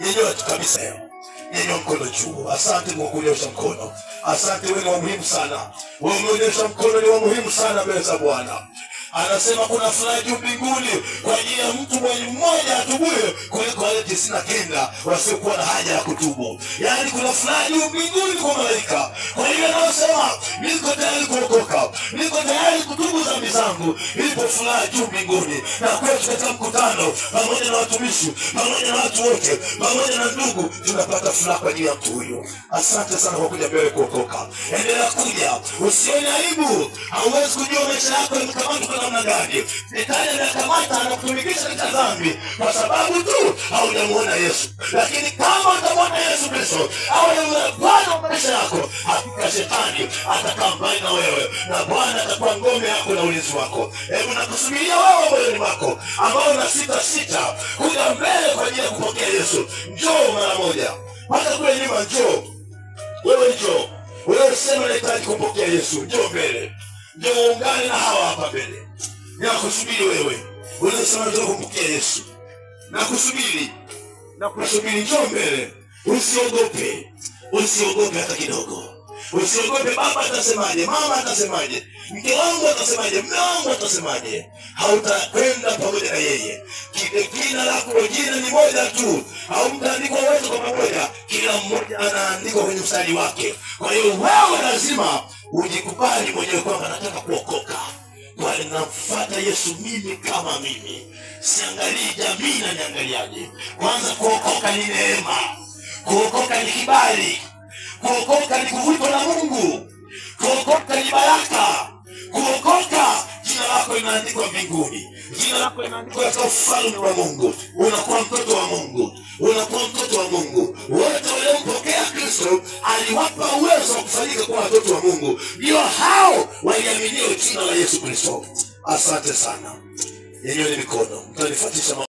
yeyote kabisa leo. nyenye mkono juu. Asante kwa kunyosha mkono, asante. Wewe ni wa muhimu sana, wewe umeonyesha mkono, ni wa muhimu sana mbele za Bwana. Anasema kuna furaha juu mbinguni kwa ajili ya mtu mwenye mmoja atubuye waganga wasiokuwa na haja ya kutubu. Yaani kuna furaha juu mbinguni kwa malaika. Kwa hiyo anasema niko tayari kuokoka, niko tayari kutubu dhambi zangu, ipo furaha juu mbinguni. Na kwetu katika mkutano, pamoja na watumishi, pamoja na watu wote, pamoja na ndugu, tunapata furaha kwa ajili ya mtu huyo. Asante sana kwa kuja mbele kuokoka. Endelea kuja, usione aibu. Hauwezi kujua maisha yako yamekamatwa kwa namna gani. Shetani anakamata anakutumikisha katika dhambi kwa sababu tu haujamuona Yesu lakini kama utamwona Yesu Kristo awe Bwana wa maisha yako, hakika shetani atakaa mbali na wewe na Bwana atakuwa ngome yako na ulinzi wako. Hebu nakusubiria wewe moyoni mwako ambao na sita sita kuja mbele kwa ajili ya kupokea Yesu. Njoo mara moja, mpaka kule nyuma, njoo wewe, njoo wewe, sema nahitaji kumpokea Yesu. Njoo mbele, njoo ungane na hawa hapa mbele, nakusubiri wewe, unasema nataka kumpokea Yesu, nakusubiri na kusubiri. Njoo mbele, usiogope, usiogope hata kidogo, usiogope. Baba atasemaje? Mama atasemaje? Mke wangu atasemaje? Mme wangu atasemaje? Hautakwenda pamoja na yeye. Jina lako jina ni moja tu, mtaandikwa wote kwa pamoja. Kila mmoja anaandikwa kwenye mstari wake. Kwa hiyo wewe lazima ujikubali mwenyewe kwamba nataka kuokoka walinamfuata Yesu. Mimi kama mimi siangalii jamii na niangaliaje. Kwanza kuokoka ni neema, kuokoka ni kibali, kuokoka ni kuvulikwa na Mungu, kuokoka ni baraka, kuokoka jina lako linaandikwa mbinguni, jina lako linaandikwa katika ufalme wa Mungu. Unakuwa mtoto wa Mungu, unakuwa mtoto wa Mungu. kuwa watoto wa Mungu ndio hao waliaminio jina la Yesu Kristo. Asante sana, ni mikono mtanifuatisha.